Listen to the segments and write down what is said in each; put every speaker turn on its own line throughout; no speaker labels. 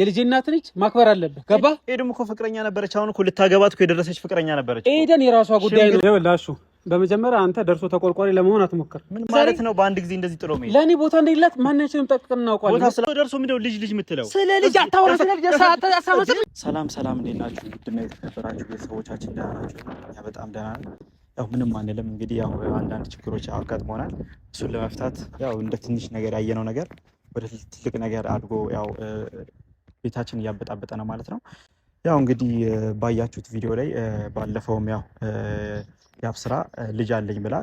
የልጄ እናት ነች፣ ማክበር አለብህ። ገባህ?
ኤደን እኮ ፍቅረኛ ነበረች። አሁን እኮ ልታገባት እኮ የደረሰች ፍቅረኛ ነበረች።
ኤደን የራሷ ጉዳይ
ነው። ላሹ በመጀመሪያ አንተ ደርሶ ተቆርቋሪ ለመሆን አትሞክር።
ምን ማለት ነው? በአንድ ጊዜ እንደዚህ ጥሎ መሄድ። ለእኔ ቦታ እንደሌላት ማናችንም ጠቅቅን እናውቃለን።
ቦታ ደርሶ ምንድነው ልጅ ልጅ የምትለው?
ስለ ልጅ አታወራ።
ሰላም ሰላም፣ እንዴት ናችሁ? ውድና የተከበራችሁ ቤተሰቦቻችን ደህና ናችሁ? እኛ በጣም ደህና ነን። ያው ምንም አንልም። እንግዲህ ያው አንዳንድ ችግሮች አጋጥመናል። እሱን ለመፍታት ያው እንደ ትንሽ ነገር ያየነው ነገር ወደ ትልቅ ነገር አድጎ ያው ቤታችን እያበጣበጠ ነው ማለት ነው። ያው እንግዲህ ባያችሁት ቪዲዮ ላይ ባለፈውም ያው የአብስራ ልጅ አለኝ ብላ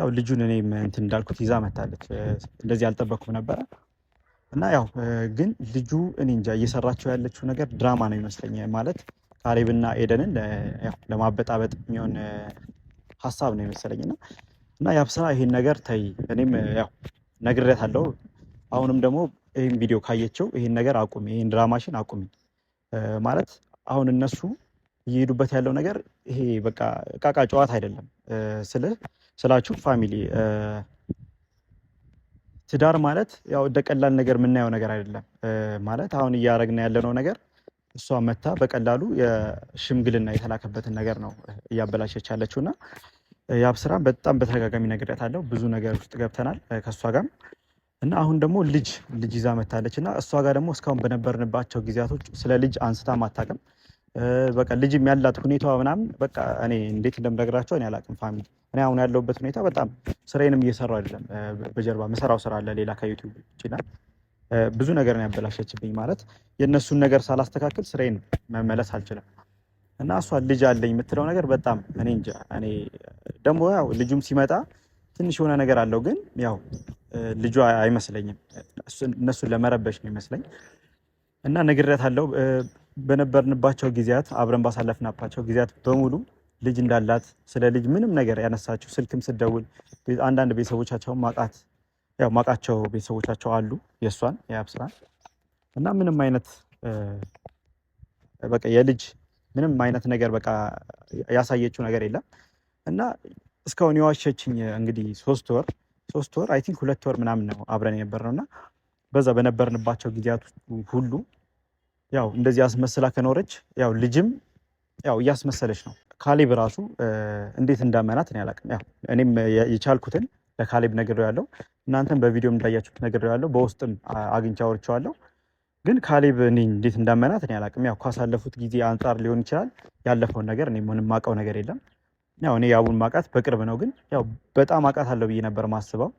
ያው ልጁን እኔም እንትን እንዳልኩት ይዛ መታለች። እንደዚህ አልጠበኩም ነበረ እና ያው ግን ልጁ እኔ እንጃ እየሰራችው ያለችው ነገር ድራማ ነው ይመስለኝ ማለት ካሌብና ኤደንን ለማበጣበጥ የሚሆን ሀሳብ ነው ይመስለኝ እና እና የአብስራ ይሄን ነገር ተይ እኔም ያው ነግሬያታለሁ አሁንም ደግሞ ይህን ቪዲዮ ካየችው ይህን ነገር አቁሚ፣ ይህን ድራማሽን አቁሚ ማለት አሁን እነሱ እየሄዱበት ያለው ነገር ይሄ በቃ ቃቃ ጨዋታ አይደለም። ስልህ ስላችሁ ፋሚሊ ትዳር ማለት ያው እንደ ቀላል ነገር የምናየው ነገር አይደለም። ማለት አሁን እያደረግን ያለነው ነገር እሷ መታ በቀላሉ የሽምግልና የተላከበትን ነገር ነው እያበላሸች ያለችው እና ያብ በጣም በተደጋጋሚ ነግሬያታለሁ። ብዙ ነገር ውስጥ ገብተናል ከእሷ ጋርም እና አሁን ደግሞ ልጅ ልጅ ይዛ መታለች እና እሷ ጋር ደግሞ እስካሁን በነበርንባቸው ጊዜያቶች ስለ ልጅ አንስታ ማታቅም በቃ ልጅም ያላት ሁኔታዋ ምናምን በቃ እኔ እንዴት እንደምነግራቸው እኔ አላቅም። ፋሚሊ እኔ አሁን ያለሁበት ሁኔታ በጣም ስራዬንም እየሰራሁ አይደለም። በጀርባ መሰራው ስራ አለ ሌላ ከዩቲዩብ ይችላል ብዙ ነገር ነው ያበላሸችብኝ። ማለት የእነሱን ነገር ሳላስተካክል ስራዬን መመለስ አልችልም። እና እሷ ልጅ አለኝ የምትለው ነገር በጣም እኔ እንጃ። እኔ ደግሞ ያው ልጁም ሲመጣ ትንሽ የሆነ ነገር አለው ግን ያው ልጇ አይመስለኝም። እነሱን ለመረበሽ ነው ይመስለኝ እና ነግሬያታለሁ። በነበርንባቸው ጊዜያት አብረን ባሳለፍናባቸው ጊዜያት በሙሉ ልጅ እንዳላት ስለ ልጅ ምንም ነገር ያነሳችው ስልክም ስደውል አንዳንድ ቤተሰቦቻቸውን ማቃት ያው ማቃቸው ቤተሰቦቻቸው አሉ የእሷን የአብስራን እና ምንም አይነት በቃ የልጅ ምንም አይነት ነገር በቃ ያሳየችው ነገር የለም እና እስካሁን የዋሸችኝ እንግዲህ ሶስት ወር ሶስት ወር አይ ቲንክ ሁለት ወር ምናምን ነው አብረን የነበርነው እና በዛ በነበርንባቸው ጊዜያት ሁሉ ያው እንደዚህ አስመስላ ከኖረች ያው ልጅም ያው እያስመሰለች ነው። ካሌብ ራሱ እንዴት እንዳመናት እኔ አላውቅም። ያው እኔም የቻልኩትን ለካሌብ ያለው እናንተም በቪዲዮም እንዳያችሁት ያለው በውስጥም አግኝቼ አውርቼዋለሁ። ግን ካሌብ እኔ እንዴት እንዳመናት እኔ አላውቅም። ያው ካሳለፉት ጊዜ አንጻር ሊሆን ይችላል። ያለፈውን ነገር እኔ ምንም የማውቀው ነገር የለም። ያው እኔ የአቡን ማቃት በቅርብ ነው፣ ግን ያው በጣም አቃት አለው ብዬ ነበር ማስበው፣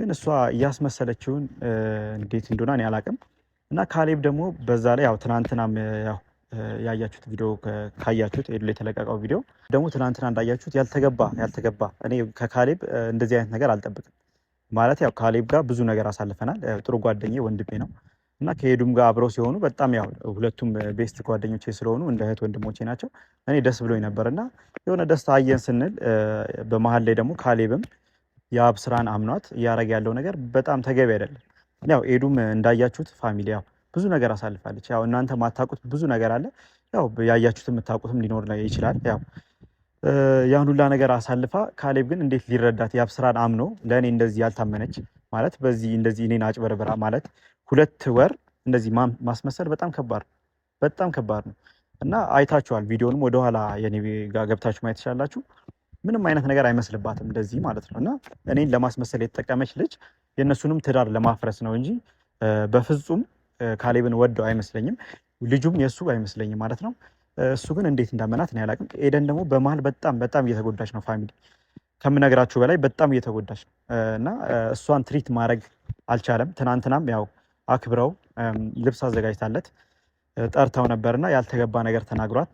ግን እሷ እያስመሰለችውን እንዴት እንደሆነ እኔ አላቅም። እና ካሌብ ደግሞ በዛ ላይ ያው ትናንትናም ያው ያያችሁት ቪዲዮ ካያችሁት ሄዱ የተለቀቀው ቪዲዮ ደግሞ ትናንትና እንዳያችሁት ያልተገባ ያልተገባ እኔ ከካሌብ እንደዚህ አይነት ነገር አልጠብቅም። ማለት ያው ካሌብ ጋር ብዙ ነገር አሳልፈናል። ጥሩ ጓደኛ ወንድሜ ነው። እና ከሄዱም ጋር አብረው ሲሆኑ በጣም ያው ሁለቱም ቤስት ጓደኞቼ ስለሆኑ እንደ እህት ወንድሞቼ ናቸው። እኔ ደስ ብሎኝ ነበር እና የሆነ ደስታ አየን ስንል በመሀል ላይ ደግሞ ካሌብም የአብ ስራን አምኗት እያረገ ያለው ነገር በጣም ተገቢ አይደለም። ያው ኤዱም እንዳያችሁት ፋሚሊ ያው ብዙ ነገር አሳልፋለች። ያው እናንተ ማታውቁት ብዙ ነገር አለ። ያው ያያችሁት የምታውቁትም ሊኖር ይችላል። ያው ያን ሁላ ነገር አሳልፋ ካሌብ ግን እንዴት ሊረዳት የአብ ስራን አምኖ ለእኔ እንደዚህ ያልታመነች ማለት በዚህ እንደዚህ እኔን አጭበርብራ ማለት ሁለት ወር እንደዚህ ማስመሰል በጣም ከባድ በጣም ከባድ ነው እና አይታችኋል። ቪዲዮንም ወደኋላ የኔ ጋር ገብታችሁ ማየት ትችላላችሁ። ምንም አይነት ነገር አይመስልባትም እንደዚህ ማለት ነው እና እኔን ለማስመሰል የተጠቀመች ልጅ የእነሱንም ትዳር ለማፍረስ ነው እንጂ በፍጹም ካሌብን ወደው አይመስለኝም። ልጁም የእሱ አይመስለኝም ማለት ነው። እሱ ግን እንዴት እንዳመናት ነው ያላቅም። ኤደን ደግሞ በመሀል በጣም በጣም እየተጎዳች ነው ፋሚሊ ከምነግራችሁ በላይ በጣም እየተጎዳች እና እሷን ትሪት ማድረግ አልቻለም። ትናንትናም ያው አክብረው ልብስ አዘጋጅታለት ጠርተው ነበርና ያልተገባ ነገር ተናግሯት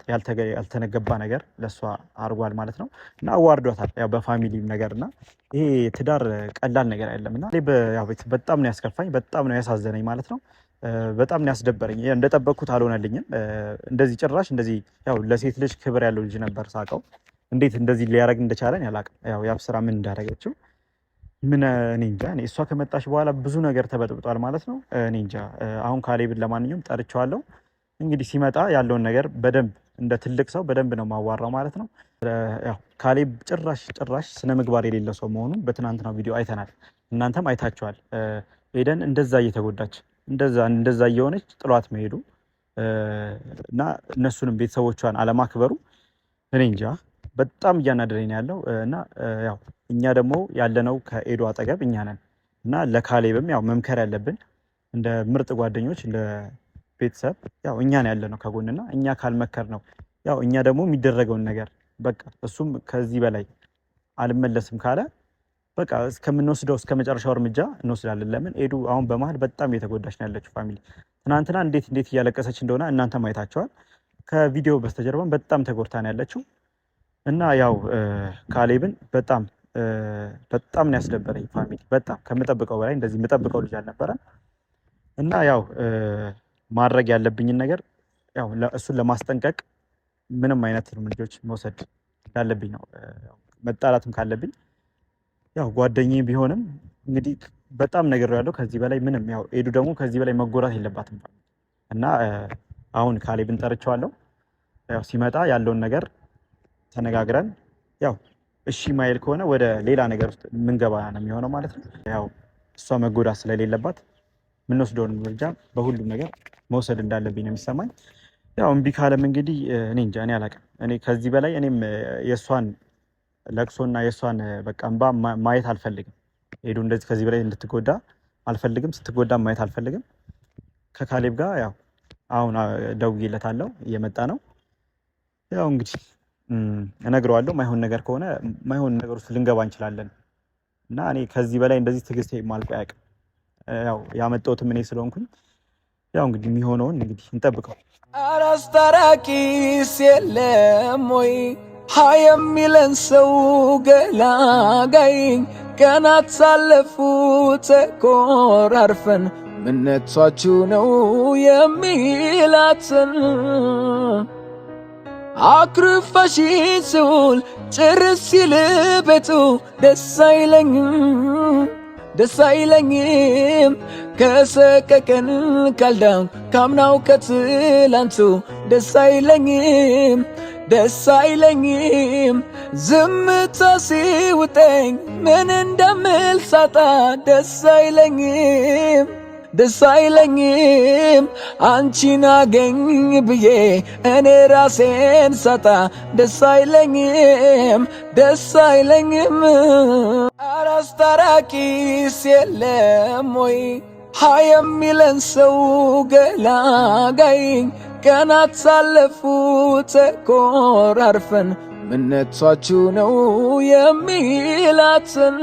ያልተነገባ ነገር ለእሷ አድርጓል ማለት ነው እና አዋርዷታል ያው በፋሚሊ ነገር እና ይሄ ትዳር ቀላል ነገር አይደለም እና በጣም ነው ያስከፋኝ፣ በጣም ነው ያሳዘነኝ ማለት ነው። በጣም ነው ያስደበረኝ። እንደጠበቅኩት አልሆነልኝም። እንደዚህ ጭራሽ እንደዚህ ያው ለሴት ልጅ ክብር ያለው ልጅ ነበር ሳቀው እንዴት እንደዚህ ሊያደርግ እንደቻለን ያላቅም። ያው ያብስራ ምን እንዳደረገችው ምን እኔ እንጃ። እሷ ከመጣች በኋላ ብዙ ነገር ተበጥብጧል ማለት ነው። እኔ እንጃ። አሁን ካሌብን ለማንኛውም ጠርቼዋለሁ። እንግዲህ ሲመጣ ያለውን ነገር በደንብ እንደ ትልቅ ሰው በደንብ ነው ማዋራው ማለት ነው። ካሌብ ጭራሽ ጭራሽ ስነ ምግባር የሌለው ሰው መሆኑን በትናንትናው ቪዲዮ አይተናል፣ እናንተም አይታችኋል። ኤደን እንደዛ እየተጎዳች እንደዛ እየሆነች ጥሏት መሄዱ እና እነሱንም ቤተሰቦቿን አለማክበሩ እኔ እንጃ በጣም እያናደረኝ ነው ያለው እና ያው እኛ ደግሞ ያለነው ከኤዶ አጠገብ እኛ ነን እና ለካሌብም ያው መምከር ያለብን እንደ ምርጥ ጓደኞች እንደ ቤተሰብ ያው እኛን ያለ ነው ከጎንና እኛ ካልመከር ነው ያው እኛ ደግሞ የሚደረገውን ነገር በቃ እሱም ከዚህ በላይ አልመለስም ካለ በቃ እስከምንወስደው እስከ መጨረሻው እርምጃ እንወስዳለን። ለምን ኤዱ አሁን በመሀል በጣም እየተጎዳች ነው ያለችው ፋሚሊ። ትናንትና እንዴት እንዴት እያለቀሰች እንደሆነ እናንተ ማየታቸዋል። ከቪዲዮ በስተጀርባም በጣም ተጎድታ ነው ያለችው። እና ያው ካሌብን በጣም በጣም ነው ያስደበረኝ ፋሚሊ። በጣም ከምጠብቀው በላይ እንደዚህ የምጠብቀው ልጅ አልነበረ። እና ያው ማድረግ ያለብኝን ነገር ያው እሱን ለማስጠንቀቅ ምንም አይነት ልጆች መውሰድ እንዳለብኝ ነው። መጣላትም ካለብኝ ያው ጓደኛዬ ቢሆንም እንግዲህ በጣም ነገር ያለው ከዚህ በላይ ምንም ያው ኤዱ ደግሞ ከዚህ በላይ መጎራት የለባትም እና አሁን ካሌብን ጠርቼዋለሁ። ያው ሲመጣ ያለውን ነገር ተነጋግረን ያው እሺ ማይል ከሆነ ወደ ሌላ ነገር ውስጥ የምንገባ ነው የሚሆነው ማለት ነው። ያው እሷ መጎዳት ስለሌለባት የምንወስደውን ምርጫ በሁሉም ነገር መውሰድ እንዳለብኝ ነው የሚሰማኝ። ያው እምቢ ካለም እንግዲህ እኔ እንጃ እኔ አላውቅም። እኔ ከዚህ በላይ እኔም የእሷን ለቅሶና የእሷን በቃ እንባ ማየት አልፈልግም። ሄዱ እንደዚህ ከዚህ በላይ እንድትጎዳ አልፈልግም። ስትጎዳ ማየት አልፈልግም። ከካሌብ ጋር ያው አሁን ደውዬለታለሁ እየመጣ ነው። ያው እንግዲህ እነግረዋለሁ። ማይሆን ነገር ከሆነ ማይሆን ነገር ውስጥ ልንገባ እንችላለን እና እኔ ከዚህ በላይ እንደዚህ ትዕግስት ማልቆ አያውቅም። ያው ያመጣሁትም እኔ ስለሆንኩኝ ያው እንግዲህ የሚሆነውን እንግዲህ እንጠብቀው። አራስታራቂስ የለም ወይ ሃ የሚለን ሰው ገላጋይ ቀናት ሳለፉ ተኮራርፈን ምነቷችሁ ነው የሚላትን አክርፋሽ ስውል ጭርስ ሲል ቤቱ ደስ አይለኝም ደስ አይለኝም ከሰቀቀን ካልዳም ካምናው ከትላንቱ ደስ አይለኝም ደስ አይለኝም ዝምታ ሲውጠኝ ምን እንደምል ሳጣ ደስ አይለኝም ደስ አይለኝም አንቺን አገኝ ብዬ እኔ ራሴን ሳጣ ደስ አይለኝም ደስ አይለኝም። አራስታራቂስ የለም ወይ ሃ የሚለን ሰው ገላጋይ ቀናት ሳለፉ ተኮራርፈን ምነቷችሁ ነው የሚላትን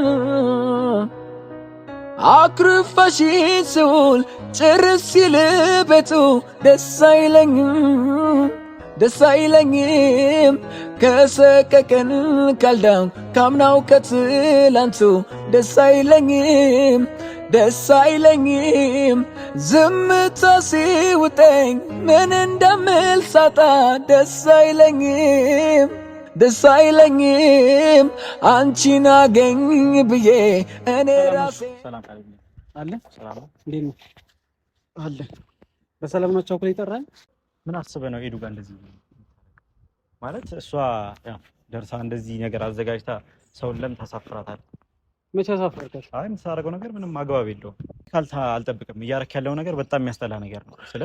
አክርፋሽ ስውል ጭርስ ሲል ቤቱ ደስ አይለኝም ደስ አይለኝም ከሰቀቀን ካልዳው ካምናው ከትላንቱ ደስ አይለኝም ደስ አይለኝም ዝምታ ሲውጠኝ ምን እንደምል ሳጣ ደስ አይለኝም ደስ አይለኝም አንቺን አገኝ ብዬ እኔ ራሴ አለ አለ በሰላም ነው። ቻኮሌት ምን አስበህ ነው? ኤዱ ጋር እንደዚህ ማለት እሷ ደርሳ እንደዚህ ነገር አዘጋጅታ ሰውን ለምን ታሳፍራታል? መቼ አሳፈርካት? አይ የምታደርገው ነገር ምንም አግባብ የለውም። ካልታ አልጠብቅም። እያረክ ያለው ነገር በጣም የሚያስጠላ ነገር ነው። ስለ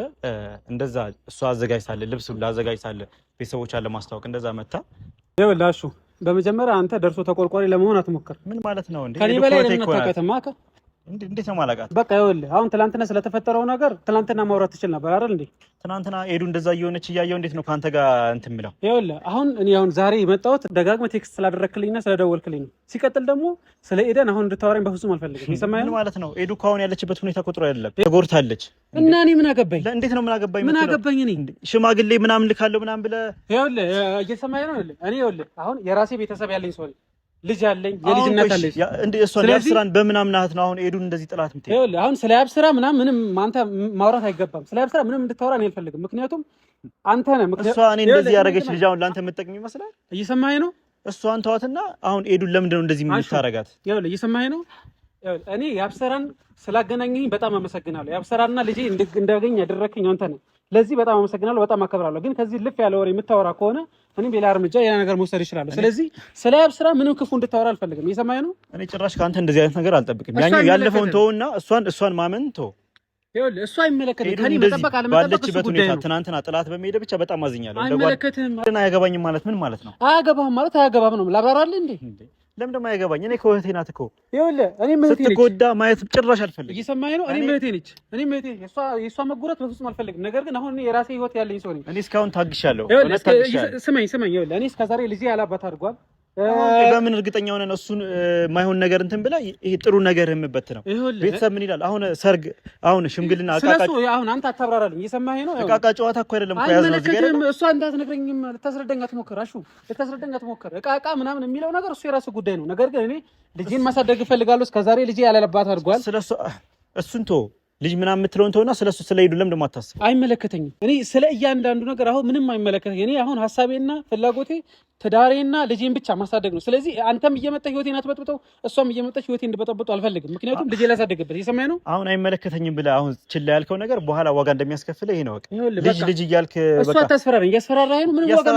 እንደዛ እሷ አዘጋጅታለ ልብስ ሁላ አዘጋጅታለህ፣ ቤተሰቦቿን ለማስታወቅ እንደዛ መታ ይኸውልህ፣ በመጀመሪያ አንተ ደርሶ ተቆርቋሪ ለመሆን አትሞክር። ምን ማለት ነው? እንዴ?
ከኔ በላይ ለምን አታውቃትም?
እንዴት ነው ማለቃት?
በቃ ይኸውልህ አሁን ትናንትና ስለተፈጠረው ነገር ትናንትና ማውራት ትችል ነበር አይደል እንዴ? ትናንትና ኤዱ እንደዛ እየሆነች እያየው እንዴት ነው ከአንተ ጋር እንትን የምለው? ይኸውልህ አሁን እኔ አሁን ዛሬ የመጣሁት ደጋግመህ ቴክስት ስላደረክልኝና ስለደወልክልኝ ነው። ሲቀጥል ደግሞ ስለ ኤደን አሁን እንድታወራኝ በፍጹም አልፈልግም። ይሰማኛል
ማለት ነው። ኤዱ እኮ አሁን ያለችበት ሁኔታ ቁጥሩ አይደለም፣ ተጎድታለች።
እና እኔ ምን አገባኝ?
እንዴት ነው ምን አገባኝ?
ምን አገባኝ? እኔ
ሽማግሌ ምናምን ልካለሁ ምናምን ብለህ
ይኸውልህ፣ እየሰማኸኝ ነው? ይኸውልህ እኔ ይኸውልህ አሁን የራሴ ቤተሰብ ያለኝ ሰው ነኝ ልጅ አለኝ የልጅነት አለኝ።
እሷን የአብስራን በምናምናት ነው አሁን ኤዱን እንደዚህ ጥላት
የምትሄድ። አሁን ስለ አብስራ ምናምን ምንም አንተ ማውራት አይገባም። ስለ አብስራ ምንም እንድታወራ እኔ አልፈልግም። ምክንያቱም አንተ ነህ
እሷ እኔ እንደዚህ ያደረገች ልጅ አሁን ለአንተ የምትጠቅም ይመስላል። እየሰማኸኝ ነው? እሷን ተዋትና አሁን ኤዱን ለምንድን ነው እንደዚህ የምታረጋት?
ይኸውልህ እየሰማኸኝ ነው? እኔ የአብስራን ስላገናኘኝ በጣም አመሰግናለሁ። የአብስራና ልጄ እንዳገኝ ያደረከኝ አንተ ነህ። ለዚህ በጣም አመሰግናለሁ፣ በጣም አከብራለሁ። ግን ከዚህ ልፍ ያለ ወሬ የምታወራ ከሆነ እኔም ሌላ እርምጃ ሌላ ነገር መውሰድ ይችላለሁ። ስለዚህ ስለ ያብ ስራ ምንም ክፉ እንድታወራ አልፈልግም። እየሰማኸኝ ነው?
እኔ ጭራሽ ከአንተ እንደዚህ አይነት ነገር አልጠብቅም። ያኛው ያለፈውን ተውና እሷን እሷን ማመን ተው።
ይኸውልህ እሱ አይመለከትም።
ከእኔ መጠበቅ ትናንትና ጥላት በመሄደ ብቻ በጣም አዝኛለሁ።
አይመለከትም።
አያገባኝም ማለት ምን ማለት ነው?
አያገባህም ማለት አያገባም ነው። ላብራራልህ እንዴ
ለምን ደግሞ አይገባኝ? እኔ እኮ ናት እኮ
ይኸውልህ፣ እኔ እህቴ
ነች። ስትጎዳ ማየት ጭራሽ አልፈልግም።
እየሰማኸኝ ነው? እኔ ምን እህቴ ነች። እኔ ምን እህቴ የእሷ የእሷ መጎዳት በፍጹም አልፈልግም። ነገር ግን አሁን እኔ የራሴ ህይወት ያለኝ ሰው ነኝ።
እኔ እስካሁን ታግሻለሁ።
ስማኝ ስማኝ፣ ይኸውልህ፣ እኔ እስከ ዛሬ ልጄ ያላባት አድርጓል
በምን እርግጠኛ ሆነን እሱን ማይሆን ነገር እንትን ብላ ይሄ ጥሩ ነገር የምበት ነው። ቤተሰብ ምን ይላል? አሁን ሰርግ፣ አሁን ሽምግልና
አቃቃ አሁን አንተ አታብራራልኝ። እየሰማህ ነው?
አቃቃ ጨዋታ እኮ አይደለም እኮ
ያዝ ነው። እሷ እንዳትነግረኝም ልታስረዳኝ አትሞክር። አሹ ልታስረዳኝ አትሞክር። እቃቃ ምናምን የሚለው ነገር እሱ የራሱ ጉዳይ ነው። ነገር ግን እኔ ልጅን ማሳደግ እፈልጋለሁ። እስከዛሬ ልጅ ያለለባት አድርጓል።
ስለሱ እሱን ተወው ልጅ ምናምን የምትለውን ተሆና ስለሱ ስለ ሄዱ ለምደሞ አታስብ።
አይመለከተኝም። እኔ ስለ እያንዳንዱ ነገር አሁን ምንም አይመለከተኝ። እኔ አሁን ሀሳቤና ፍላጎቴ ትዳሬና ልጄን ብቻ ማሳደግ ነው። ስለዚህ አንተም እየመጣ ህይወቴን አትበጥብጠው፣ እሷም እየመጣች ህይወቴ እንድበጠብጡ አልፈልግም። ምክንያቱም ልጄ ላሳደግበት የሰማይ ነው።
አሁን አይመለከተኝም ብለህ አሁን ችላ ያልከው ነገር በኋላ ዋጋ እንደሚያስከፍለ ይሄ ነው። ልጅ ልጅ እያልክ
እሱ አታስፈራረኝ። እያስፈራራህ ነው። ምንም ዋጋ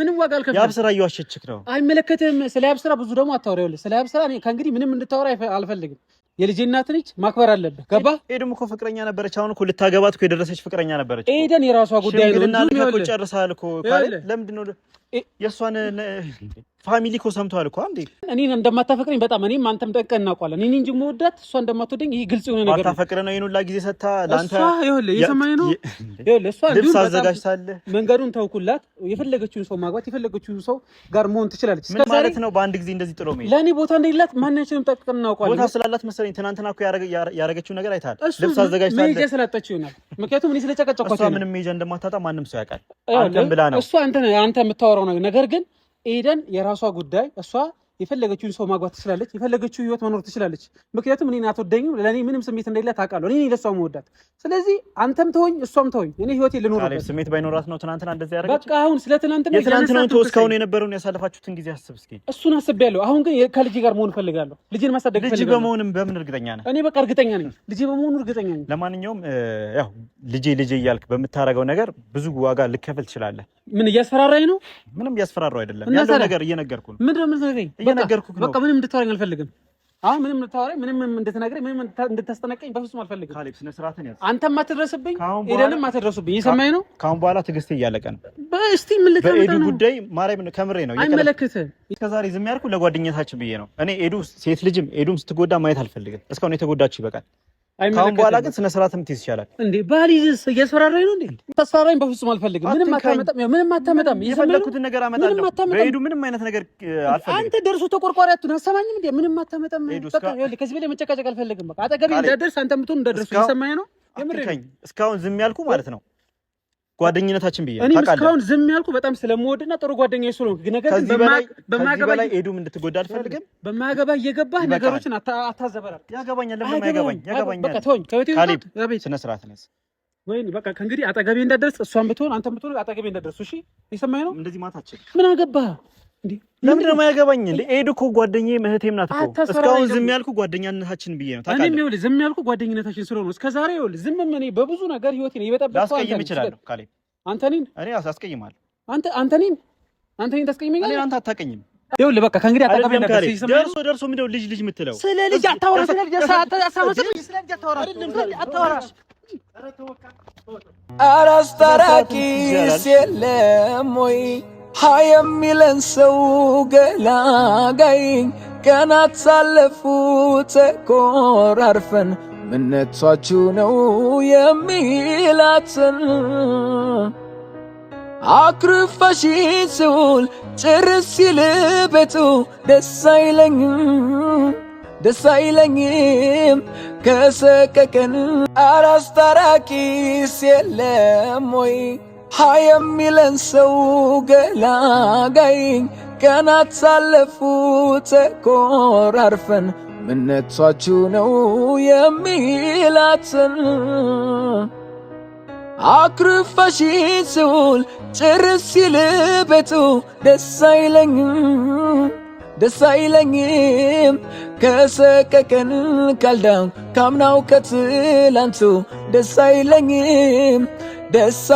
ምንም ዋጋ አልከፍልም። የአብ ስራ እየዋሸችክ ነው።
አይመለከትህም። ስለ የአብ ብዙ ደግሞ አታወራ። ስለ የአብ ከእንግዲህ ምንም እንድታወራ አልፈልግም። የልጅ እናት ነች፣ ማክበር አለብህ።
ገባ? ኤደን እኮ ፍቅረኛ ነበረች። አሁን እኮ ልታገባት እኮ የደረሰች ፍቅረኛ ነበረች።
ኤደን የራሷ ጉዳይ ነው።
ሽምግልና ልክ እኮ ጨርሳል እኮ። ለምንድን ነው የእሷን ፋሚሊ እኮ ሰምተዋል እኮ እንዴ።
እኔን እንደማታፈቅረኝ በጣም እኔም አንተም ደቀ እናውቋለን። እኔ እንጂ መወዳት እሷ እንደማትወደኝ ይህ ግልጽ የሆነ
ነገር ታፈቅረ ነው ይሄን ሁላ ጊዜ ሰታ ለአንተ የሰማኝ ነው። እሷ ልብስ አዘጋጅታለ።
መንገዱን ተውኩላት። የፈለገችውን ሰው ማግባት የፈለገችውን ሰው ጋር መሆን ትችላለች።
ምን ማለት ነው? በአንድ ጊዜ እንደዚህ ጥሎ
ለእኔ ቦታ እንደሌላት ማናችንም ጠቅ እናውቋለን።
ቦታ ስላላት መሰለኝ ትናንትና እኮ ያረገችው ነገር አይታል። ልብስ አዘጋጅታለ
መሄጃ ስላጣችው ይሆናል።
ምክንያቱም እኔ ስለጨቀጨኳት እሷ ምንም መሄጃ እንደማታጣ ማንም ሰው ያውቃል። አንተም ብላ ነው
እሷ አንተ የምታወራው የምትሰራው ነገር ግን ኤደን የራሷ ጉዳይ እሷ የፈለገችውን ሰው ማግባት ትችላለች። የፈለገችው ህይወት መኖር ትችላለች። ምክንያቱም እኔን አትወደኝም፣ ለእኔ ምንም ስሜት እንደሌለ ታውቃለሁ። እኔ ለእሷ መወዳት። ስለዚህ አንተም ተወኝ፣ እሷም ተወኝ። እኔ ህይወቴ
ልኖርበት። ስሜት ባይኖራት ነው ትናንትና እንደዚህ ያደረገች።
በቃ አሁን ስለ ትናንትና
ትናንትና እስካሁን የነበረውን ያሳለፋችሁትን ጊዜ አስብ እስኪ።
እሱን አስቤያለሁ። አሁን ግን ከልጅ ጋር መሆን እፈልጋለሁ። ልጅን ማሳደግ
ልጄ በመሆንም በምን እርግጠኛ ነህ?
እኔ በቃ እርግጠኛ ነኝ፣ ልጅ በመሆኑ እርግጠኛ ነኝ።
ለማንኛውም ያው ልጄ ልጄ እያልክ በምታደርገው ነገር ብዙ ዋጋ ልከፍል ትችላለህ።
ምን እያስፈራራኝ ነው?
ምንም እያስፈራራው አይደለም፣ ያለው ነገር እየነገርኩ ነው።
ምንድን ነው የምትነግረኝ? እየነገርኩህ ነው። ምንም እንድታወራኝ አልፈልግም። አሁን ምንም እንድታወራኝ፣ ምንም እንድትነግረኝ፣ ምንም እንድታስጠነቀኝ በፍጹም አልፈልግም።
ካሌብ ስነ ስርዓትን ያዝ።
አንተም አትድረስብኝ፣ ኤደንም አትድረሱብኝ። እየሰማኸኝ ነው?
ከአሁን በኋላ ትዕግስቴ እያለቀ ነው።
በእስቲ ምን
ልታመጣ ነው? በኤዱ ጉዳይ ከምሬ ነው።
አይመለከትም።
እስከዛሬ ዝም ያልኩህ ለጓደኛታችን ብዬ ነው። እኔ ኤዱ ሴት ልጅም ኤዱም ስትጎዳ ማየት አልፈልግም። እስካሁን የተጎዳችሁ ይበቃል። ካሁን በኋላ ግን ስነ ስርዓት ምትይዝ ይቻላል
እንዴ? ባል ይዘህ እያስፈራራኝ ነው እንዴ? ተስፈራኝ። በፍጹም አልፈልግም። ምንም አታመጣም፣ ምንም አታመጣም።
የፈለኩትን ነገር አመጣለሁ። በሄዱ ምንም አይነት ነገር
አልፈልግም። አንተ ደርሶ ተቆርቋሪ አትሁን። አሰማኝም እንዴ? ምንም አታመጣም። በቃ ከዚህ በላይ መጨቃጨቅ አልፈልግም። በቃ አጠገቤ እንዳደርስ አንተ ምትሆን እንዳደርሱ። እየሰማኸኝ ነው?
እስካሁን ዝም ያልኩ ማለት ነው ጓደኝነታችን ብዬ
እኔ እስካሁን ዝም ያልኩ በጣም ስለምወድና ጥሩ ጓደኛ ስለሆንኩ፣ ነገር
ግን ኤዱም እንድትጎዳ
አልፈልግም። በማያገባ እየገባህ ነገሮችን አታዘበራል።
ያገባኛል፣ ለምን ያገባኝ?
ያገባኛል። በቃ ተወኝ። ስነ ስርዓት ነህ። ወይኔ በቃ ከእንግዲህ አጠገቤ እንዳደርስ እሷን ብትሆን አንተ ብትሆን አጠገቤ እንዳደርሱ። እሺ፣ የሰማኸኝ ነው። እንደዚህ ማታችን ምን አገባህ?
ለምንድን ነው የማያገባኝ? እንደ ኤድ እኮ ጓደኛዬ እህቴም ናት እኮ። እስካሁን ዝም ያልኩ ጓደኛነታችን ብዬ ነው።
ታውቃለህ፣ እኔም ይኸውልህ ዝም ያልኩ ጓደኝነታችን ስለሆነ እስከ ዛሬ ይኸውልህ ዝም እኔ በብዙ ነገር ነው የበጠበጥኩ
ላስቀይም እችላለሁ። ካሌብ አንተ እኔን እኔ አስቀይማለሁ።
አንተ አንተ እኔን አንተ እኔን ታስቀይመኛለህ።
እኔ አንተ አታውቀኝም።
ይኸውልህ በቃ ከእንግዲህ
አታውቅም ነበር። ደርሶ ደርሶ ምንድን ነው ልጅ ልጅ የምትለው?
ስለ ልጅ አታወራ፣ ስለ ልጅ አታወራ አታወራም። አላስታራቂስ የለም ወይ ሃ የሚለን ሰው ገላጋይ ቀናት ሳለፉ ተኮራርፈን ምነቷችሁ ነው የሚላትን አክርፋሽ ስውል ጭርስ ሲልበቱ ደስ አይለኝም ደስ አይለኝም ከሰቀቀን አራስ ታራቂስ የለም ወይ ሀየሚለን የሚለን ሰው ገላጋይ ቀናት ሳለፉ ተኮራርፈን ምነቷችሁ ነው የሚላትን አኩርፋሽ ስውል ጭርስ ሲል ቤቱ ደስ አይለኝም ደስ አይለኝም ከሰቀቀን ካልዳው ካምናው ከትላንቱ ደስ አይለኝም ደስ